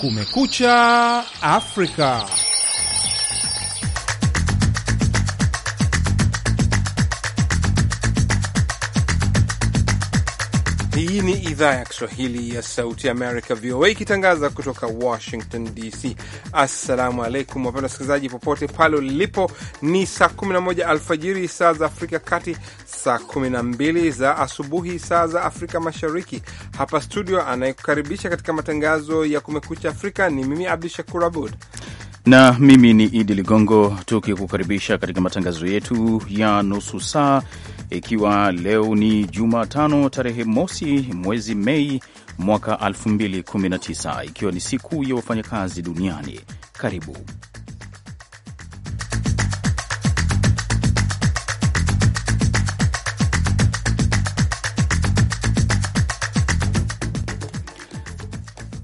Kumekucha Afrika. Hii ni idhaa ya Kiswahili ya Sauti ya Amerika, VOA, ikitangaza kutoka Washington DC. Assalamu alaikum wapenda wasikilizaji, popote pale ulipo. Ni saa 11 alfajiri saa za Afrika Kati, saa 12 za asubuhi saa za Afrika Mashariki. Hapa studio, anayekukaribisha katika matangazo ya Kumekucha Afrika ni mimi Abdu Shakur Abud na mimi ni Idi Ligongo, tukikukaribisha katika matangazo yetu ya nusu saa ikiwa leo ni Jumatano tarehe mosi mwezi Mei mwaka 2019 ikiwa ni siku ya wafanyakazi duniani. Karibu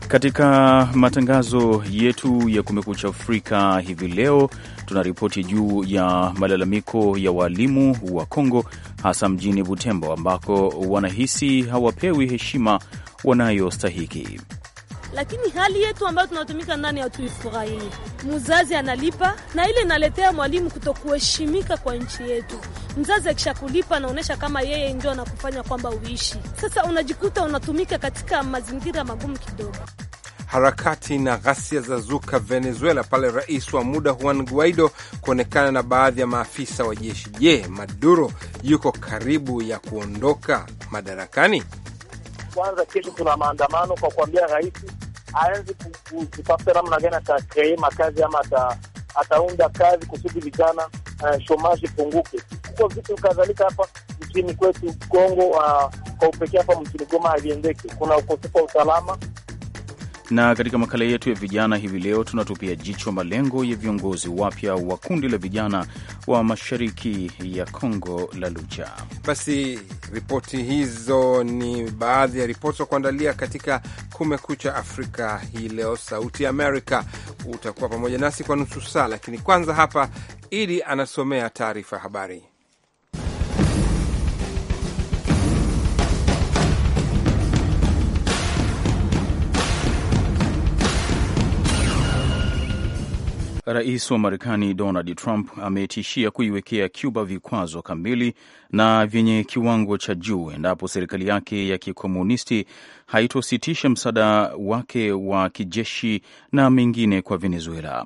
Katika matangazo yetu ya Kumekucha Afrika hivi leo tunaripoti juu ya malalamiko ya waalimu wa Kongo hasa mjini Butembo ambako wanahisi hawapewi heshima wanayostahiki. Lakini hali yetu ambayo tunatumika ndani ya tuifurahii, Mzazi analipa na ile inaletea mwalimu kutokuheshimika kwa nchi yetu. Mzazi akishakulipa anaonyesha kama yeye ndio anakufanya kwamba uishi. Sasa unajikuta unatumika katika mazingira magumu kidogo harakati na ghasia za zuka Venezuela pale rais wa muda Juan Guaido kuonekana na baadhi ya maafisa wa jeshi. Je, Maduro yuko karibu ya kuondoka madarakani? Kwanza kesho kuna maandamano kwa kuambia rais aanze kutafuta namna gani atakree makazi ama ataunda kazi kusudi vijana uh, eh, shomaji punguke huko vitu kadhalika hapa nchini kwetu Kongo. Uh, kwa upekee hapa mchini Goma aliendeke kuna ukosefu wa usalama na katika makala yetu ya vijana hivi leo tunatupia jicho malengo ya viongozi wapya wa kundi la vijana wa mashariki ya Kongo la Lucha. Basi ripoti hizo ni baadhi ya ripoti za kuandalia katika Kumekucha Afrika hii leo. Sauti Amerika utakuwa pamoja nasi kwa nusu saa, lakini kwanza hapa Idi anasomea taarifa habari. Rais wa Marekani Donald Trump ametishia kuiwekea Cuba vikwazo kamili na vyenye kiwango cha juu endapo serikali yake ya kikomunisti haitositisha msaada wake wa kijeshi na mengine kwa Venezuela.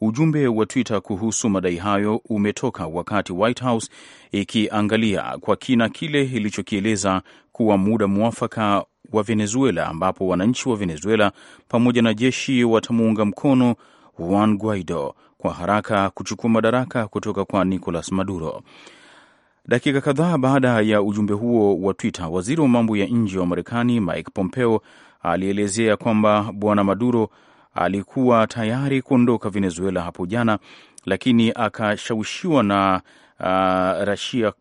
Ujumbe wa Twitter kuhusu madai hayo umetoka wakati White House ikiangalia kwa kina kile ilichokieleza kuwa muda mwafaka wa Venezuela ambapo wananchi wa Venezuela pamoja na jeshi watamuunga mkono Juan Guaido kwa haraka kuchukua madaraka kutoka kwa Nicolas Maduro. Dakika kadhaa baada ya ujumbe huo wa Twitter, waziri wa mambo ya nje wa Marekani Mike Pompeo alielezea kwamba bwana Maduro alikuwa tayari kuondoka Venezuela hapo jana, lakini akashawishiwa na uh, Rasia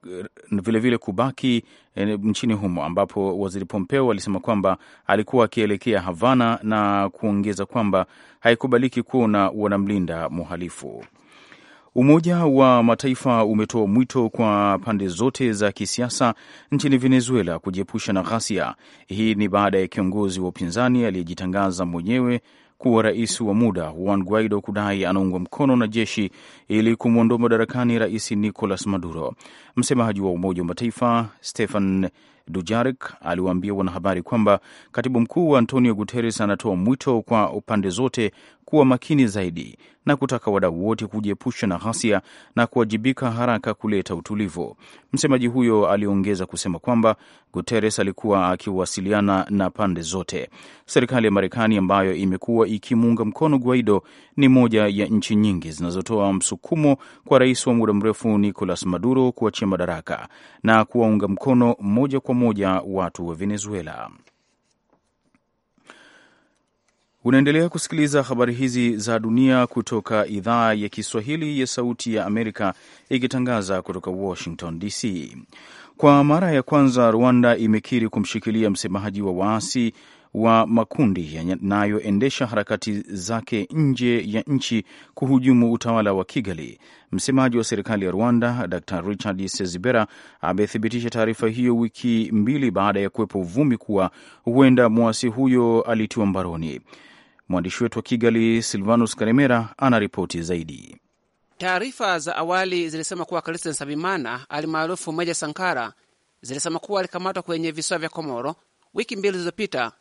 vilevile kubaki eh, nchini humo, ambapo waziri Pompeo alisema kwamba alikuwa akielekea Havana na kuongeza kwamba haikubaliki kuona wanamlinda mhalifu. Umoja wa Mataifa umetoa mwito kwa pande zote za kisiasa nchini Venezuela kujiepusha na ghasia. Hii ni baada ya kiongozi wa upinzani aliyejitangaza mwenyewe kuwa rais wa muda Juan Guaido kudai anaungwa mkono na jeshi ili kumwondoa madarakani rais Nicolas Maduro. Msemaji wa Umoja wa Mataifa Stefan Dujarik aliwaambia wanahabari kwamba katibu mkuu Antonio Guterres anatoa mwito kwa upande zote kuwa makini zaidi na kutaka wadau wote kujiepusha na ghasia na kuwajibika haraka kuleta utulivu. Msemaji huyo aliongeza kusema kwamba Guterres alikuwa akiwasiliana na pande zote. Serikali ya Marekani ambayo imekuwa ikimuunga mkono Guaido ni moja ya nchi nyingi zinazotoa msukumo kwa rais wa muda mrefu Nicolas Maduro kuachia madaraka na kuwaunga mkono moja kwa moja watu wa Venezuela. Unaendelea kusikiliza habari hizi za dunia kutoka idhaa ya Kiswahili ya Sauti ya Amerika ikitangaza kutoka Washington DC. Kwa mara ya kwanza, Rwanda imekiri kumshikilia msemaji wa waasi wa makundi yanayoendesha harakati zake nje ya nchi kuhujumu utawala wa Kigali. Msemaji wa serikali ya Rwanda Dr Richard Sezibera amethibitisha taarifa hiyo wiki mbili baada ya kuwepo uvumi kuwa huenda mwasi huyo alitiwa mbaroni. Mwandishi wetu wa Kigali, Silvanus Karemera, anaripoti zaidi. Taarifa za awali zilisema kuwa Christian Sabimana alimaarufu Meja Sankara zilisema kuwa alikamatwa kwenye visiwa vya Komoro wiki mbili zilizopita.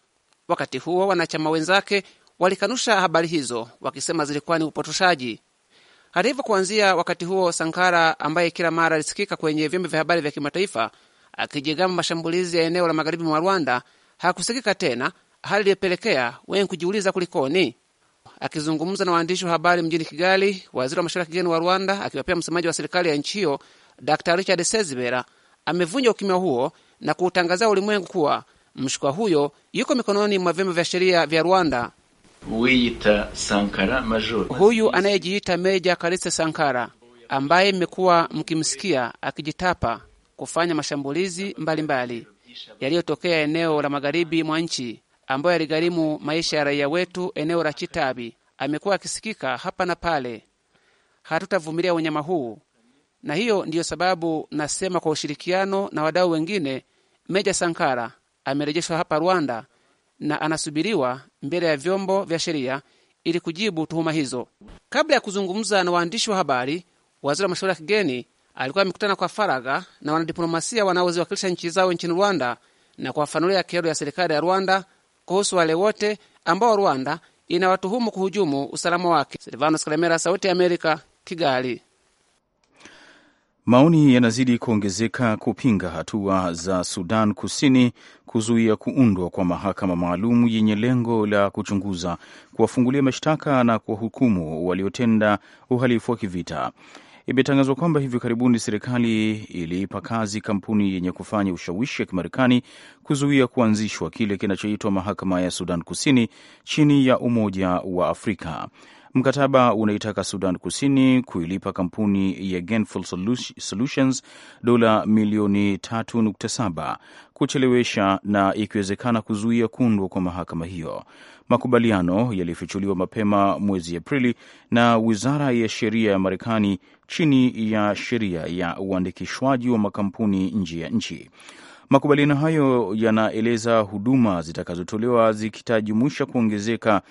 Wakati huo wanachama wenzake walikanusha habari hizo, wakisema zilikuwa ni upotoshaji. Hata hivyo, kuanzia wakati huo Sankara, ambaye kila mara alisikika kwenye vyombo vya habari vya kimataifa akijigamba mashambulizi ya eneo la magharibi mwa Rwanda, hakusikika tena hali iliyopelekea wengi kujiuliza kulikoni. Akizungumza na waandishi wa habari mjini Kigali, waziri wa mashauri ya kigeni wa Rwanda akiwa pia msemaji wa serikali ya nchi hiyo Dr Richard Sezibera amevunja ukimya huo na kuutangazia ulimwengu kuwa mshukwa huyo yuko mikononi mwa vyombo vya sheria vya Rwanda. Sankara Major, huyu anayejiita Meja Karise Sankara ambaye mmekuwa mkimsikia akijitapa kufanya mashambulizi mbalimbali yaliyotokea eneo la magharibi mwa nchi ambayo yaligharimu maisha ya raia wetu eneo la Chitabi. Amekuwa akisikika hapa na pale. Hatutavumilia unyama huu, na hiyo ndiyo sababu nasema kwa ushirikiano na wadau wengine, Meja Sankara amerejeshwa hapa Rwanda na anasubiriwa mbele ya vyombo vya sheria ili kujibu tuhuma hizo. Kabla ya kuzungumza na waandishi wa habari, waziri wa mashauri ya kigeni alikuwa amekutana kwa faragha na wanadiplomasia wanaoziwakilisha nchi zao nchini Rwanda na kuwafanulia kero ya serikali ya Rwanda kuhusu wale wote ambao Rwanda inawatuhumu kuhujumu usalama wake. Silvanos Kalemera, Sauti ya Amerika, Kigali. Maoni yanazidi kuongezeka kupinga hatua za Sudan Kusini kuzuia kuundwa kwa mahakama maalum yenye lengo la kuchunguza, kuwafungulia mashtaka na kuwahukumu waliotenda uhalifu wa kivita. Imetangazwa kwamba hivi karibuni serikali iliipa kazi kampuni yenye kufanya ushawishi ya Kimarekani kuzuia kuanzishwa kile kinachoitwa mahakama ya Sudan Kusini chini ya Umoja wa Afrika. Mkataba unaitaka Sudan Kusini kuilipa kampuni ya Gainful Solutions dola milioni 3.7 kuchelewesha na ikiwezekana kuzuia kuundwa kwa mahakama hiyo. Makubaliano yalifichuliwa mapema mwezi Aprili na wizara ya sheria ya Marekani chini ya sheria ya uandikishwaji wa makampuni nje ya nchi. Makubaliano hayo yanaeleza huduma zitakazotolewa zikitajumuisha kuongezeka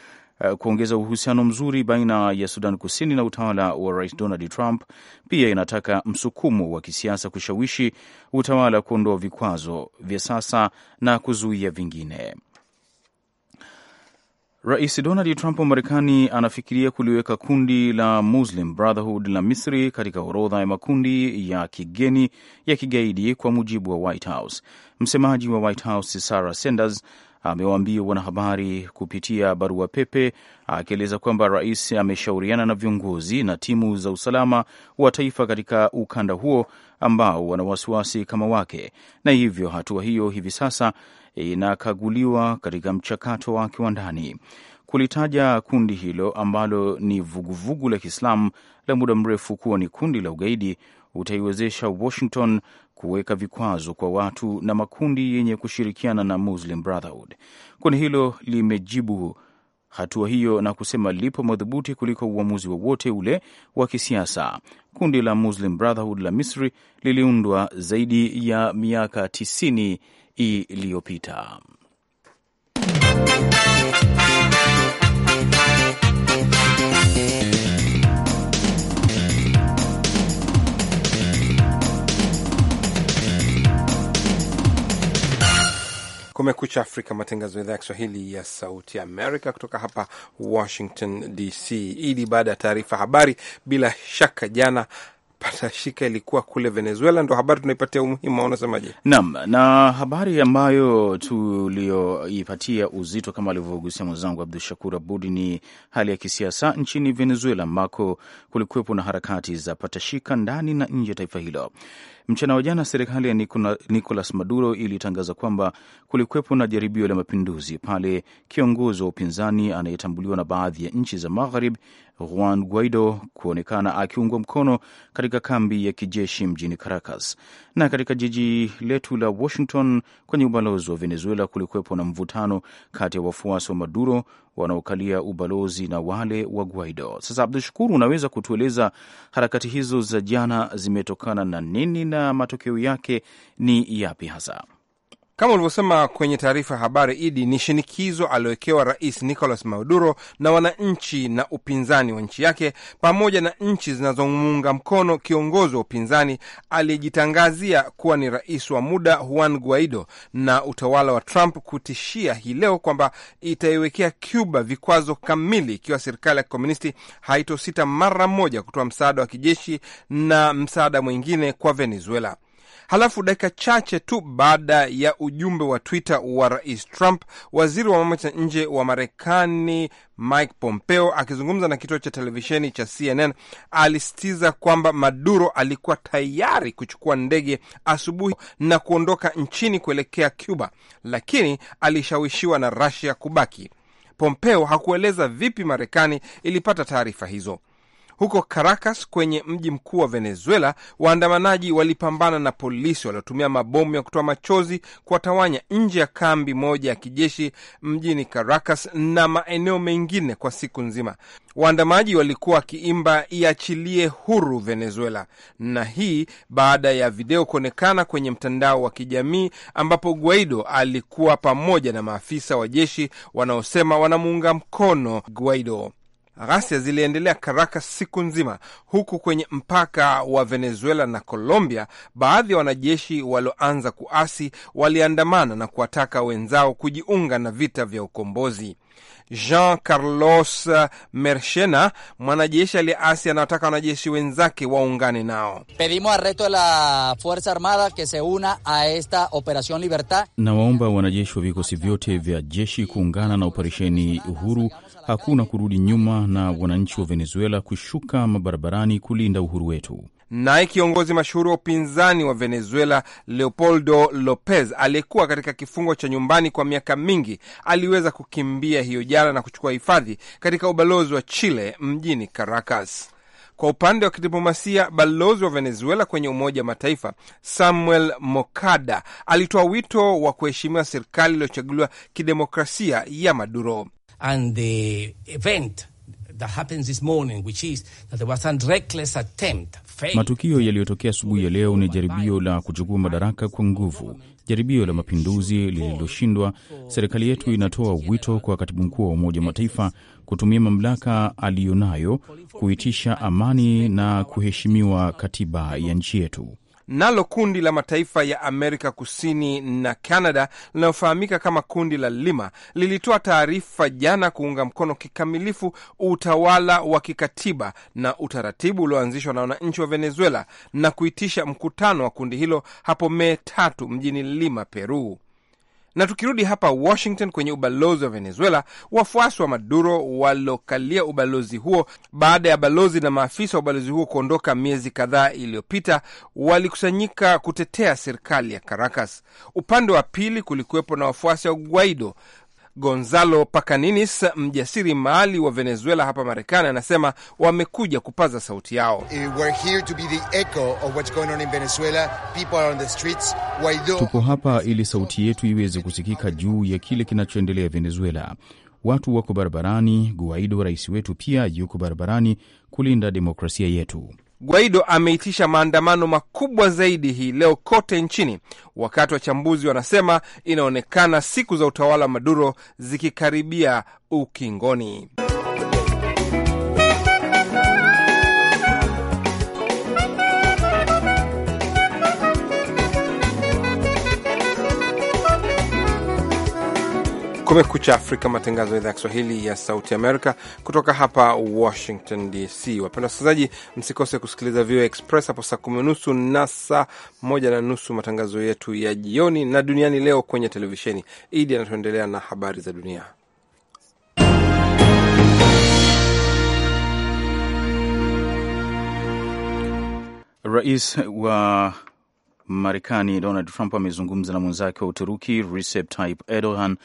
eh, kuongeza uhusiano mzuri baina ya Sudan Kusini na utawala wa Rais Donald Trump. Pia inataka msukumo wa kisiasa kushawishi utawala kuondoa vikwazo vya sasa na kuzuia vingine. Rais Donald Trump wa Marekani anafikiria kuliweka kundi la Muslim Brotherhood la Misri katika orodha ya makundi ya kigeni ya kigaidi, kwa mujibu wa White House. Msemaji wa White House Sarah Sanders amewaambia wanahabari kupitia barua pepe akieleza kwamba rais ameshauriana na viongozi na timu za usalama wa taifa katika ukanda huo ambao wana wasiwasi kama wake, na hivyo hatua hiyo hivi sasa E, inakaguliwa katika mchakato wake wa ndani. Kulitaja kundi hilo ambalo ni vuguvugu la Kiislamu la muda mrefu kuwa ni kundi la ugaidi utaiwezesha Washington kuweka vikwazo kwa watu na makundi yenye kushirikiana na Muslim Brotherhood. Kundi hilo limejibu hatua hiyo na kusema lipo madhubuti kuliko uamuzi wowote ule wa kisiasa. Kundi la Muslim Brotherhood la Misri liliundwa zaidi ya miaka tisini iliyopita. Kumekucha Afrika, matangazo ya idhaa ya Kiswahili ya Sauti Amerika kutoka hapa Washington DC. ili baada ya taarifa habari, bila shaka jana patashika ilikuwa kule Venezuela. Ndo habari tunaipatia umuhimu, unasemaje? Naam, na habari ambayo tulioipatia uzito kama alivyogusia mwenzangu Abdu Shakur Abud ni hali ya kisiasa nchini Venezuela, ambako kulikuwepo na harakati za patashika ndani na nje ya taifa hilo. Mchana wa jana serikali ya Nicolas Maduro ilitangaza kwamba kulikuwepo na jaribio la mapinduzi pale kiongozi wa upinzani anayetambuliwa na baadhi ya nchi za magharib Juan Guaido kuonekana akiungwa mkono katika kambi ya kijeshi mjini Caracas. Na katika jiji letu la Washington, kwenye ubalozi wa Venezuela kulikuwepo na mvutano kati ya wafuasi wa Maduro wanaokalia ubalozi na wale wa Guaido. Sasa Abdu Shukuru, unaweza kutueleza harakati hizo za jana zimetokana na nini na matokeo yake ni yapi hasa? Kama ulivyosema kwenye taarifa ya habari Idi, ni shinikizo aliowekewa Rais Nicolas Maduro na wananchi na upinzani wa nchi yake pamoja na nchi zinazomuunga mkono kiongozi wa upinzani aliyejitangazia kuwa ni rais wa muda Juan Guaido na utawala wa Trump kutishia hii leo kwamba itaiwekea Cuba vikwazo kamili ikiwa serikali ya kikomunisti haitosita mara moja kutoa msaada wa kijeshi na msaada mwingine kwa Venezuela. Halafu dakika chache tu baada ya ujumbe wa Twitter wa Rais Trump, waziri wa mambo ya nje wa Marekani Mike Pompeo akizungumza na kituo cha televisheni cha CNN alisitiza kwamba Maduro alikuwa tayari kuchukua ndege asubuhi na kuondoka nchini kuelekea Cuba, lakini alishawishiwa na Russia kubaki. Pompeo hakueleza vipi Marekani ilipata taarifa hizo. Huko Caracas, kwenye mji mkuu wa Venezuela, waandamanaji walipambana na polisi waliotumia mabomu ya kutoa machozi kuwatawanya nje ya kambi moja ya kijeshi mjini Caracas na maeneo mengine kwa siku nzima. Waandamaji walikuwa wakiimba iachilie huru Venezuela, na hii baada ya video kuonekana kwenye mtandao wa kijamii ambapo Guaido alikuwa pamoja na maafisa wa jeshi wanaosema wanamuunga mkono Guaido. Ghasia ziliendelea karaka siku nzima, huku kwenye mpaka wa Venezuela na Colombia baadhi ya wanajeshi walioanza kuasi waliandamana na kuwataka wenzao kujiunga na vita vya ukombozi. Jean Carlos Merchena, mwanajeshi aliyeasi, anawataka wanajeshi wenzake waungane nao. Pedimos al resto de la fuerza armada que se una a esta operacion libertad. Nawaomba wanajeshi wa vikosi vyote vya jeshi kuungana na operesheni Uhuru Hakuna kurudi nyuma na wananchi wa Venezuela kushuka mabarabarani kulinda uhuru wetu. Naye kiongozi mashuhuri wa upinzani wa Venezuela Leopoldo Lopez aliyekuwa katika kifungo cha nyumbani kwa miaka mingi aliweza kukimbia hiyo jana na kuchukua hifadhi katika ubalozi wa Chile mjini Caracas. Kwa upande wa kidiplomasia, balozi wa Venezuela kwenye Umoja wa Mataifa Samuel Mokada alitoa wito wa kuheshimiwa serikali iliyochaguliwa kidemokrasia ya Maduro and the event that happens this morning which is that there was a reckless attempt Matukio yaliyotokea asubuhi ya leo ni jaribio la kuchukua madaraka kwa nguvu, jaribio la mapinduzi lililoshindwa. Serikali yetu inatoa wito kwa katibu mkuu wa Umoja wa Mataifa kutumia mamlaka aliyonayo kuitisha amani na kuheshimiwa katiba ya nchi yetu. Nalo kundi la mataifa ya Amerika Kusini na Canada linalofahamika kama kundi la Lima lilitoa taarifa jana kuunga mkono kikamilifu utawala wa kikatiba na utaratibu ulioanzishwa na wananchi wa Venezuela na kuitisha mkutano wa kundi hilo hapo Mei tatu mjini Lima, Peru. Na tukirudi hapa Washington kwenye ubalozi wa Venezuela, wafuasi wa Maduro walokalia ubalozi huo baada ya balozi na maafisa wa ubalozi huo kuondoka miezi kadhaa iliyopita, walikusanyika kutetea serikali ya Caracas. Upande wa pili kulikuwepo na wafuasi wa Guaido Gonzalo Pacaninis, mjasiri mali wa Venezuela hapa Marekani, anasema wamekuja kupaza sauti yao. Eh, hapa ili sauti yetu iweze kusikika juu ya kile kinachoendelea Venezuela. Watu wako barabarani. Guaido, rais wetu, pia yuko barabarani kulinda demokrasia yetu. Guaido ameitisha maandamano makubwa zaidi hii leo kote nchini, wakati wachambuzi wanasema inaonekana siku za utawala wa Maduro zikikaribia ukingoni. Kumekucha Afrika, matangazo ya idhaa ya Kiswahili ya Sauti Amerika kutoka hapa Washington DC. Wapenda wasikilizaji, msikose kusikiliza VOA Express hapo saa kumi nusu na saa moja na nusu matangazo yetu ya jioni, na duniani leo kwenye televisheni. Idi anatuendelea na habari za dunia. Rais wa Marekani Donald Trump amezungumza na mwenzake wa Uturuki Recep Tayyip Erdogan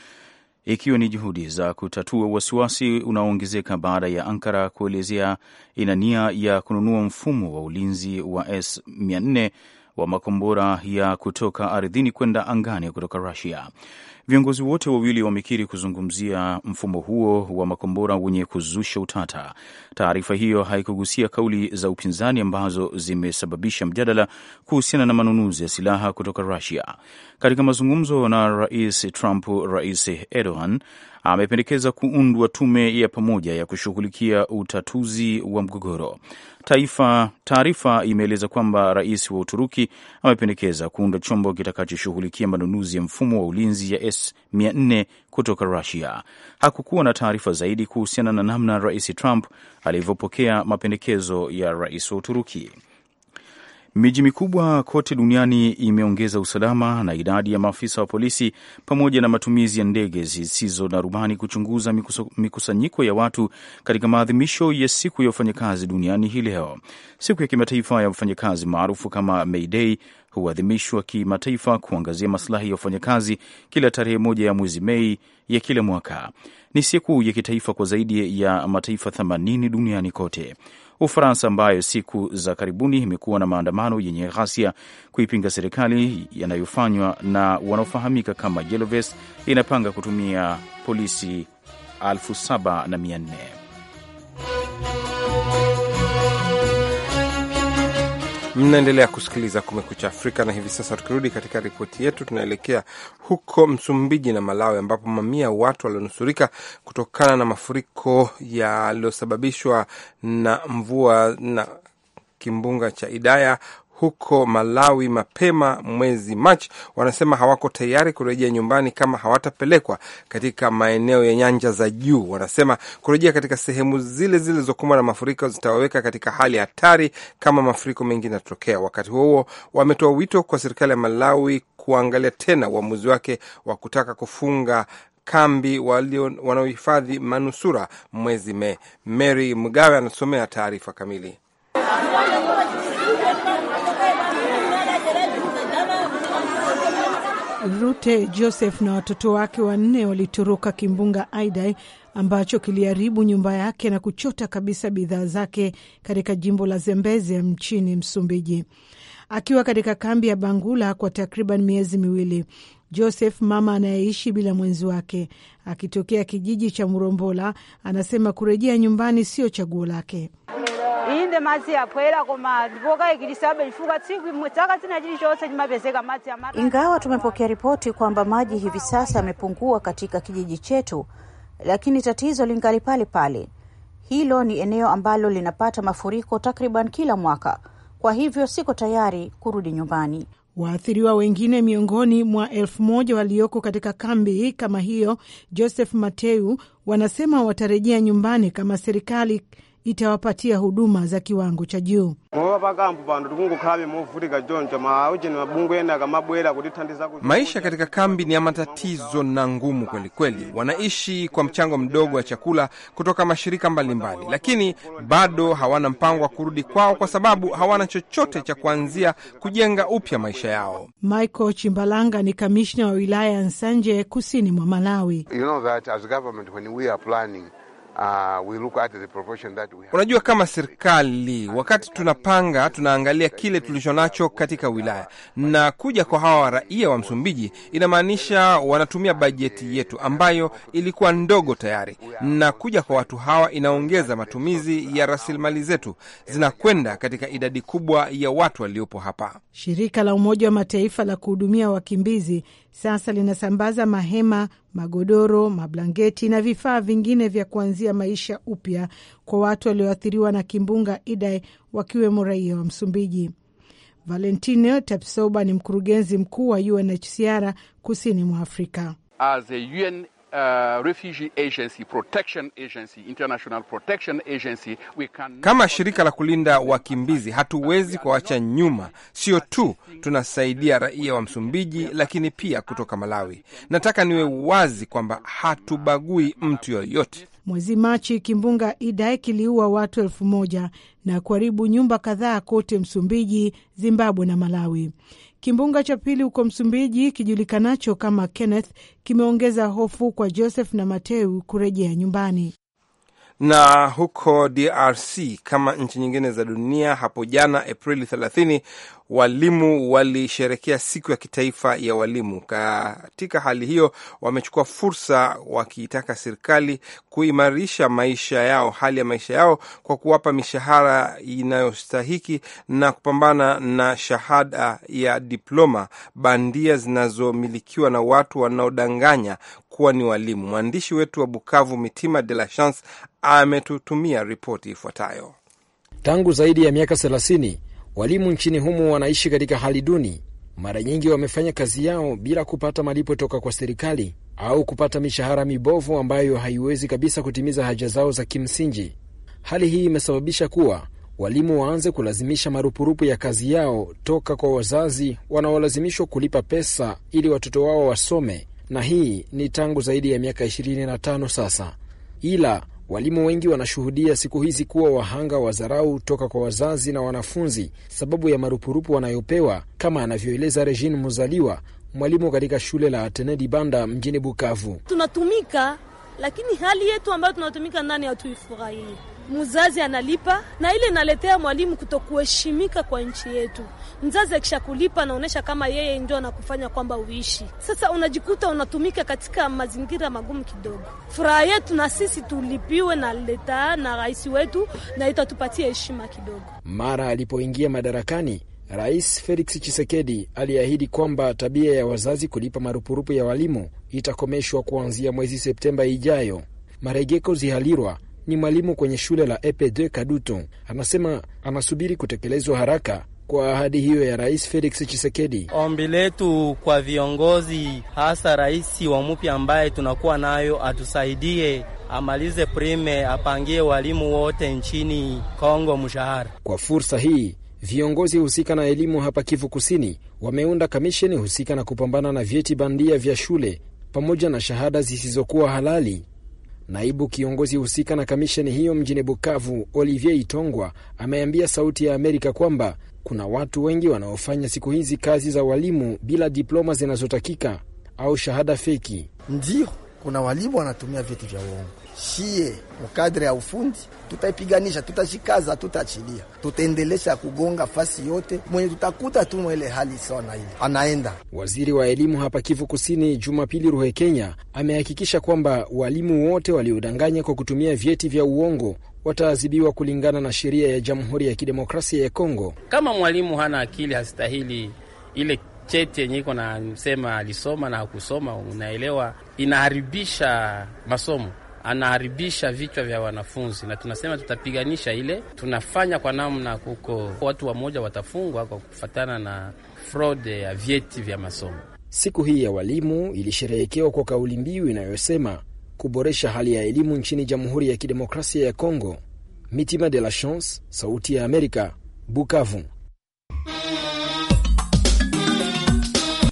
ikiwa ni juhudi za kutatua wasiwasi unaoongezeka baada ya Ankara kuelezea ina nia ya kununua mfumo wa ulinzi wa S-400 wa makombora ya kutoka ardhini kwenda angani kutoka Rusia. Viongozi wote wawili wamekiri kuzungumzia mfumo huo wa makombora wenye kuzusha utata. Taarifa hiyo haikugusia kauli za upinzani ambazo zimesababisha mjadala kuhusiana na manunuzi ya silaha kutoka Rusia. Katika mazungumzo na Rais Trump, Rais Erdogan amependekeza kuundwa tume ya pamoja ya kushughulikia utatuzi wa mgogoro. Taifa taarifa imeeleza kwamba rais wa Uturuki amependekeza kuunda chombo kitakachoshughulikia manunuzi ya mfumo wa ulinzi ya S400 kutoka Rusia. Hakukuwa na taarifa zaidi kuhusiana na namna rais Trump alivyopokea mapendekezo ya rais wa Uturuki. Miji mikubwa kote duniani imeongeza usalama na idadi ya maafisa wa polisi pamoja na matumizi ya ndege zisizo na rubani kuchunguza mikusanyiko ya watu katika maadhimisho ya siku ya wafanyakazi duniani hii leo. Siku ya kimataifa ya wafanyakazi maarufu kama May Day huadhimishwa kimataifa kuangazia masilahi ya wafanyakazi kila tarehe moja ya mwezi Mei ya kila mwaka. Ni siku ya kitaifa kwa zaidi ya mataifa 80 duniani kote. Ufaransa ambayo siku za karibuni imekuwa na maandamano yenye ghasia kuipinga serikali yanayofanywa na wanaofahamika kama Yellow inapanga kutumia polisi elfu saba na mia nne. Mnaendelea kusikiliza Kumekucha Afrika, na hivi sasa tukirudi katika ripoti yetu, tunaelekea huko Msumbiji na Malawi, ambapo mamia ya watu walionusurika kutokana na mafuriko yaliyosababishwa na mvua na kimbunga cha Idaya huko Malawi mapema mwezi Machi wanasema hawako tayari kurejea nyumbani kama hawatapelekwa katika maeneo ya nyanja za juu. Wanasema kurejea katika sehemu zile zile zilizokumbwa na mafuriko zitawaweka katika hali hatari kama mafuriko mengine yatatokea. Wakati huo huo, wametoa wito kwa serikali ya Malawi kuangalia tena uamuzi wake wa kutaka kufunga kambi wanaohifadhi manusura mwezi Mei. Mary Mgawe anasomea taarifa kamili. Rute Joseph na watoto wake wanne walitoroka kimbunga Idai ambacho kiliharibu nyumba yake na kuchota kabisa bidhaa zake katika jimbo la Zembezi nchini Msumbiji. Akiwa katika kambi ya Bangula kwa takriban miezi miwili, Joseph, mama anayeishi bila mwenzi wake, akitokea kijiji cha Murombola, anasema kurejea nyumbani sio chaguo lake inde mazi yapwera koma ndipokaigilisa belifuka tsiku tsaka tsinachili chonse chimapezeka madzi ama. Ingawa tumepokea ripoti kwamba maji hivi sasa yamepungua katika kijiji chetu, lakini tatizo lingali pale pale. Hilo ni eneo ambalo linapata mafuriko takriban kila mwaka, kwa hivyo siko tayari kurudi nyumbani. Waathiriwa wengine miongoni mwa elfu moja walioko katika kambi kama hiyo, Joseph Mateu, wanasema watarejea nyumbani kama serikali itawapatia huduma za kiwango cha juu. Maisha katika kambi ni ya matatizo na ngumu kwelikweli kweli. Wanaishi kwa mchango mdogo wa chakula kutoka mashirika mbalimbali mbali, lakini bado hawana mpango wa kurudi kwao kwa sababu hawana chochote cha kuanzia kujenga upya maisha yao. Michael Chimbalanga ni kamishna wa wilaya ya Nsanje kusini mwa Malawi. you know that as Uh, Unajua, kama serikali, wakati tunapanga, tunaangalia kile tulichonacho katika wilaya, na kuja kwa hawa raia wa Msumbiji inamaanisha wanatumia bajeti yetu ambayo ilikuwa ndogo tayari, na kuja kwa watu hawa inaongeza matumizi ya rasilimali zetu, zinakwenda katika idadi kubwa ya watu waliopo hapa. Shirika la Umoja wa Mataifa la kuhudumia wakimbizi sasa linasambaza mahema, magodoro, mablangeti na vifaa vingine vya kuanzia maisha upya kwa watu walioathiriwa na kimbunga Idai, wakiwemo raia wa Msumbiji. Valentino Tapsoba ni mkurugenzi mkuu wa UNHCR kusini mwa Afrika. As a UN Uh, Refugee Agency, Protection Agency, International Protection Agency, we can... Kama shirika la kulinda wakimbizi hatuwezi kuwacha nyuma. Sio tu tunasaidia raia wa Msumbiji, lakini pia kutoka Malawi. Nataka niwe wazi kwamba hatubagui mtu yoyote. Mwezi Machi kimbunga Idai kiliua watu elfu moja na kuharibu nyumba kadhaa kote Msumbiji, Zimbabwe na Malawi. Kimbunga cha pili huko Msumbiji kijulikanacho kama Kenneth kimeongeza hofu kwa Joseph na Mateu kurejea nyumbani. Na huko DRC kama nchi nyingine za dunia, hapo jana Aprili 30 walimu walisherekea siku ya kitaifa ya walimu. Katika hali hiyo, wamechukua fursa wakiitaka serikali kuimarisha maisha yao, hali ya maisha yao kwa kuwapa mishahara inayostahiki na kupambana na shahada ya diploma bandia zinazomilikiwa na watu wanaodanganya kuwa ni walimu. Mwandishi wetu wa Bukavu, Mitima De La Chance, ametutumia ripoti ifuatayo. Tangu zaidi ya miaka Walimu nchini humo wanaishi katika hali duni, mara nyingi wamefanya kazi yao bila kupata malipo toka kwa serikali au kupata mishahara mibovu ambayo haiwezi kabisa kutimiza haja zao za kimsingi. Hali hii imesababisha kuwa walimu waanze kulazimisha marupurupu ya kazi yao toka kwa wazazi wanaolazimishwa kulipa pesa ili watoto wao wasome, na hii ni tangu zaidi ya miaka 25 sasa, ila Walimu wengi wanashuhudia siku hizi kuwa wahanga wa dharau toka kwa wazazi na wanafunzi, sababu ya marupurupu wanayopewa, kama anavyoeleza Regine Muzaliwa, mwalimu katika shule la Atenedi Banda mjini Bukavu. Tunatumika, lakini hali yetu ambayo tunatumika ndani hatuifurahii mzazi analipa na ile inaletea mwalimu kutokuheshimika kwa nchi yetu. Mzazi akishakulipa anaonyesha kama yeye ndio anakufanya kwamba uishi. Sasa unajikuta unatumika katika mazingira magumu kidogo. Furaha yetu na sisi tulipiwe na leta na rais wetu, na itatupatia heshima kidogo. Mara alipoingia madarakani Rais Felix Tshisekedi aliahidi kwamba tabia ya wazazi kulipa marupurupu ya walimu itakomeshwa kuanzia mwezi Septemba ijayo. Maregeko Zihalirwa ni mwalimu kwenye shule la EPD Kaduto. Anasema anasubiri kutekelezwa haraka kwa ahadi hiyo ya Rais Felix Tshisekedi. Ombi letu kwa viongozi, hasa rais wa mupya ambaye tunakuwa nayo, atusaidie amalize prime, apangie walimu wote nchini Kongo mshahara. Kwa fursa hii viongozi husika na elimu hapa Kivu Kusini wameunda kamisheni husika na kupambana na vyeti bandia vya shule pamoja na shahada zisizokuwa halali Naibu kiongozi husika na kamisheni hiyo mjini Bukavu, Olivier Itongwa, ameambia Sauti ya Amerika kwamba kuna watu wengi wanaofanya siku hizi kazi za walimu bila diploma zinazotakika au shahada feki. Ndio kuna walimu wanatumia vyeti vya uongo shie mkadre ya ufundi tutaipiganisha, tutashikaza, tutaachilia, tutaendelesha kugonga fasi yote mwenye tutakuta tu mwele hali sawa na ile anaenda. Waziri wa elimu hapa Kivu Kusini Jumapili Ruhe Kenya amehakikisha kwamba walimu wote waliodanganya kwa kutumia vyeti vya uongo wataadhibiwa kulingana na sheria ya Jamhuri ya Kidemokrasia ya Kongo. Kama mwalimu hana akili, hastahili ile cheti yenye iko na msema alisoma na hakusoma, unaelewa, inaharibisha masomo anaharibisha vichwa vya wanafunzi, na tunasema tutapiganisha ile. Tunafanya kwa namna kuko watu wamoja watafungwa kwa kufatana na fraud ya vyeti vya masomo. Siku hii ya walimu ilisherehekewa kwa kauli mbiu inayosema kuboresha hali ya elimu nchini Jamhuri ya Kidemokrasia ya Kongo. Mitima de la Chance, Sauti ya Amerika, Bukavu.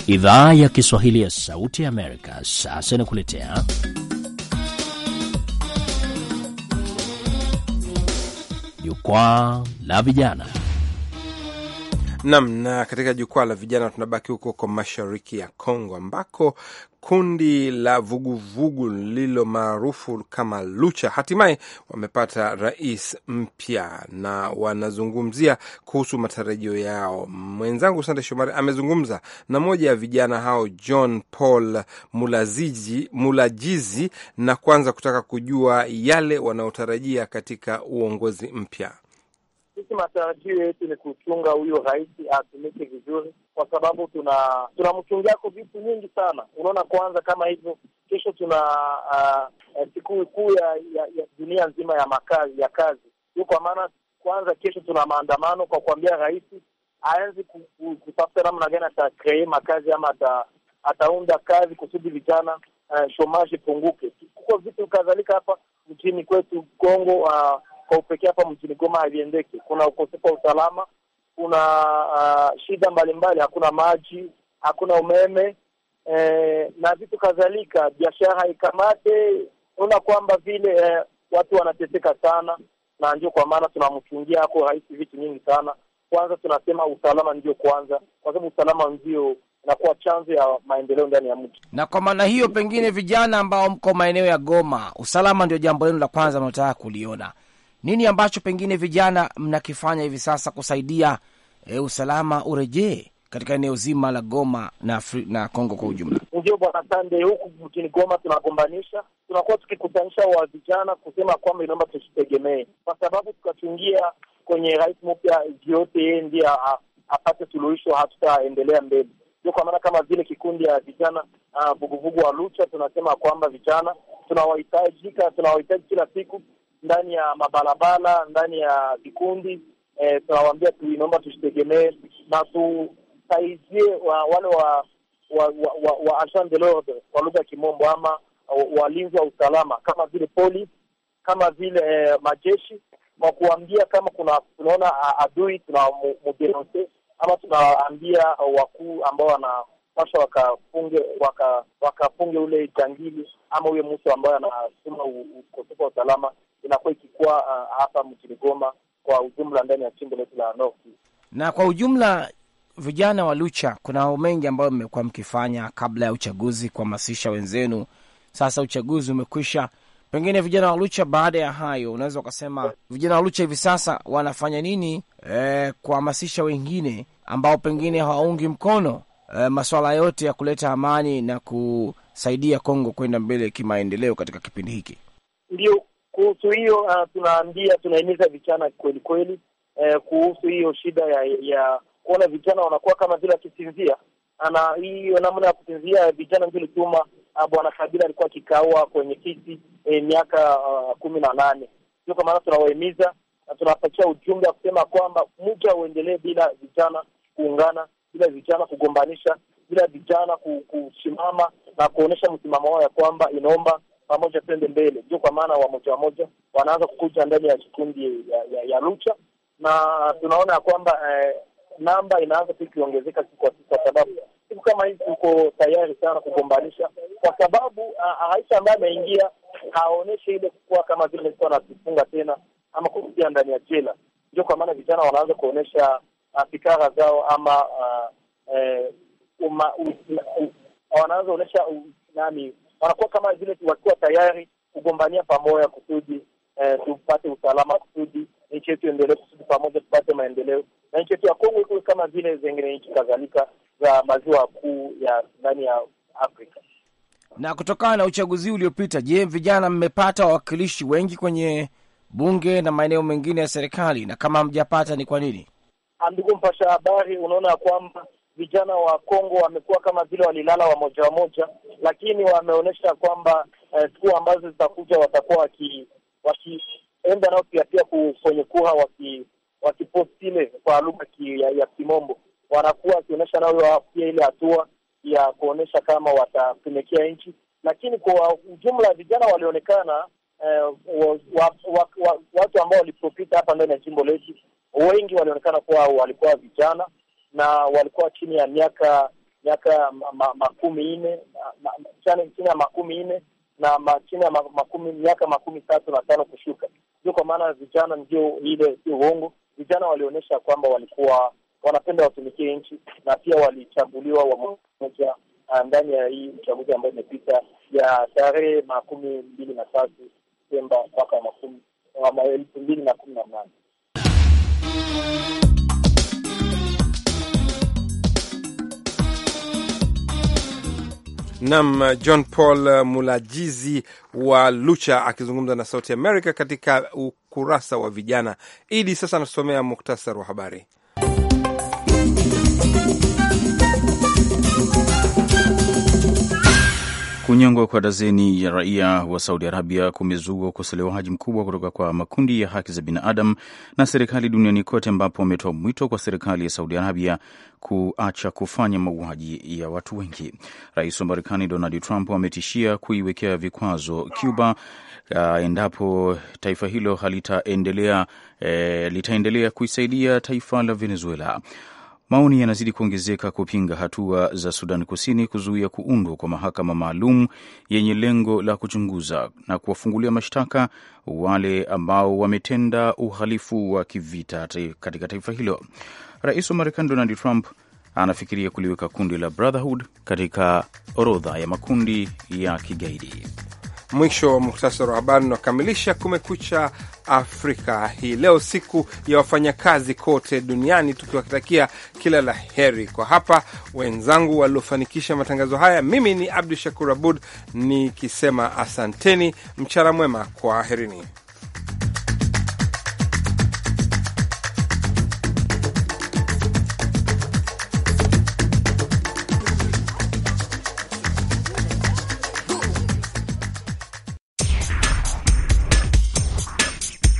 Idhaa ya Kiswahili ya Sauti ya Amerika sasa inakuletea jukwaa la vijana. Nam, na katika jukwaa la vijana tunabaki huko huko mashariki ya Kongo ambako kundi la vuguvugu lililo maarufu kama Lucha hatimaye wamepata rais mpya na wanazungumzia kuhusu matarajio yao. Mwenzangu Sande Shomari amezungumza na moja ya vijana hao John Paul Mulaziji, Mulajizi, na kwanza kutaka kujua yale wanaotarajia katika uongozi mpya. Sisi matarajio yetu ni kuchunga huyo rais atumike vizuri, kwa sababu tuna tunamchungiako vitu nyingi sana. Unaona, kwanza kama hivyo, kesho tuna ah, eh, siku uh, kuu ya, ya, ya dunia nzima ya makazi ya kazi hiyo. Kwa maana kwanza, kesho tuna maandamano kwa kuambia rais aanze kutafuta namna gani atakree makazi ama ata, ataunda kazi kusudi vijana uh, eh, shomaji punguke. Kuko vitu kadhalika hapa nchini kwetu Kongo uh, kwa upekee hapa mjini Goma haviendeki Kuna ukosefu wa usalama, kuna uh, shida mbalimbali, hakuna maji, hakuna umeme eh, na vitu kadhalika. Biashara haikamate, unaona kwamba vile eh, watu wanateseka sana, na ndio kwa maana tunamchungia hako rais vitu nyingi sana. Kwanza tunasema usalama ndio kwanza, kwa sababu usalama ndio inakuwa chanzo ya maendeleo ndani ya mji. Na kwa maana hiyo, pengine vijana ambao mko maeneo ya Goma, usalama ndio jambo lenu la kwanza mnataka kuliona. Nini ambacho pengine vijana mnakifanya hivi sasa kusaidia e, usalama urejee katika eneo zima la Goma na Afri na Kongo kwa ujumla? Ndio bwana Sande, huku mjini Goma tunagombanisha, tunakuwa tukikutanisha wa vijana kusema kwamba inaomba tusitegemee, kwa sababu tukachungia kwenye rais mpya vyote yeye ndiye apate suluhisho, hatutaendelea mbele. Ndio kwa maana kama vile kikundi ya vijana vuguvugu uh, wa Lucha tunasema kwamba vijana tunawahitajika, tunawahitaji kila siku ndani ya mabarabara, ndani ya vikundi e, tunawaambia tu, inaomba tusitegemee na tusaidie wa, wale wa wa, wa, wa, wa agent de l'ordre kwa lugha ya kimombo ama walinzi wa, usalama kama vile polisi kama vile eh, majeshi kwa kuambia kama kuna tunaona adui tunamudenonse ama tunaambia wakuu ambao wanapasha wakafunge waka, wakafunge ule jangili ama huye mtu ambaye anasema ukosefu wa usalama inakuwa ikikuwa uh, hapa mjini Goma kwa ujumla ndani ya jimbo letu la Noki. Na kwa ujumla vijana wa Lucha, kuna mengi ambayo mmekuwa mkifanya kabla ya uchaguzi kuhamasisha wenzenu. Sasa uchaguzi umekwisha, pengine vijana wa Lucha baada ya hayo, unaweza ukasema vijana wa Lucha hivi sasa wanafanya nini eh, kuhamasisha wengine ambao pengine hawaungi mkono eh, masuala yote ya kuleta amani na kusaidia Kongo kwenda mbele kimaendeleo katika kipindi hiki? Ndio, kuhusu hiyo uh, tunaambia tunahimiza vijana kweli kweli, eh, kuhusu hiyo shida ya ya kuona vijana wanakuwa kama vile akisinzia ana hiyo namna ya kusinzia vijana ndio ilituma uh, Bwana Kabila alikuwa akikaua kwenye kiti eh, miaka uh, kumi na nane. Ndio kwa maana tunawahimiza na tunapatia ujumbe wa kusema kwamba mtu auendelee bila vijana kuungana, bila vijana kugombanisha, bila vijana kusimama na kuonyesha msimamo wao ya kwamba inaomba pamoja, tende mbele, ndio kwa maana wamoja wamoja wanaanza kukuja ndani ya kikundi ya, ya, ya Lucha na tunaona ya kwamba eh, namba inaanza tu ikiongezeka siku kwa siku, kwa sababu siku kama hizi uko tayari sana kugombanisha, kwa sababu Aisha ambaye ameingia haonyeshe ile kukua kama vile ilikuwa anatufunga tena ama kurudia ndani ya jela. Ndio kwa maana vijana wanaanza kuonyesha fikara zao ama uh, eh, wanaanza onyesha nani wanakuwa kama vile wakiwa tayari kugombania pamoja kusudi eh, tupate usalama, kusudi nchi yetu endelee, kusudi pamoja tupate maendeleo na nchi yetu ya Kongo iko kama vile zengine nchi kadhalika za maziwa kuu ya ndani ya Afrika. Na kutokana na uchaguzi uliopita, je, vijana mmepata wawakilishi wengi kwenye bunge na maeneo mengine ya serikali? Na kama hamjapata ni kwa nini? Ah, ndugu mpasha habari, unaona ya kwamba vijana wa Kongo wamekuwa kama vile walilala wamoja wamoja, lakini wameonyesha kwamba eh, siku ambazo zitakuja watakuwa wakienda nao pia pia kwenye kuha waki, wakipostile kwa lugha ya, ya Kimombo, wanakuwa wakionyesha nao pia ile hatua ya kuonyesha kama watatumikia nchi. Lakini kwa ujumla vijana walionekana eh, wa, wa, wa, wa, watu ambao walipopita hapa ndani ya jimbo letu wengi walionekana kuwa walikuwa vijana na walikuwa chini ya miaka miaka makumi nne chini ya makumi nne na chini ya makumi miaka makumi tatu na tano kushuka. Ndio kwa maana vijana, ndio ile, sio uongo, vijana walionyesha kwamba walikuwa wanapenda watumikie nchi na pia walichaguliwa wamoja ah, ndani ya hii uchaguzi ambayo imepita ya tarehe makumi mbili na tatu Desemba mwaka elfu mbili na kumi na nane. Nam John Paul Mulajizi wa Lucha akizungumza na Sauti america katika ukurasa wa vijana. Idi sasa anatusomea muktasari wa habari. Kunyongwa kwa dazeni ya raia wa Saudi Arabia kumezua ukosolewaji mkubwa kutoka kwa makundi ya haki za binadamu na serikali duniani kote, ambapo wametoa mwito kwa serikali ya Saudi Arabia kuacha kufanya mauaji ya watu wengi. Rais wa Marekani Donald Trump ametishia kuiwekea vikwazo Cuba uh, endapo taifa hilo halitaendelea eh, litaendelea kuisaidia taifa la Venezuela. Maoni yanazidi kuongezeka kupinga hatua za Sudan Kusini kuzuia kuundwa kwa mahakama maalum yenye lengo la kuchunguza na kuwafungulia mashtaka wale ambao wametenda uhalifu wa kivita katika taifa hilo. Rais wa Marekani Donald Trump anafikiria kuliweka kundi la Brotherhood katika orodha ya makundi ya kigaidi. Mwisho wa muhtasari wa habari unakamilisha Kumekucha Afrika hii leo, siku ya wafanyakazi kote duniani, tukiwatakia kila la heri. Kwa hapa wenzangu waliofanikisha matangazo haya, mimi ni Abdu Shakur Abud nikisema asanteni, mchana mwema, kwaherini.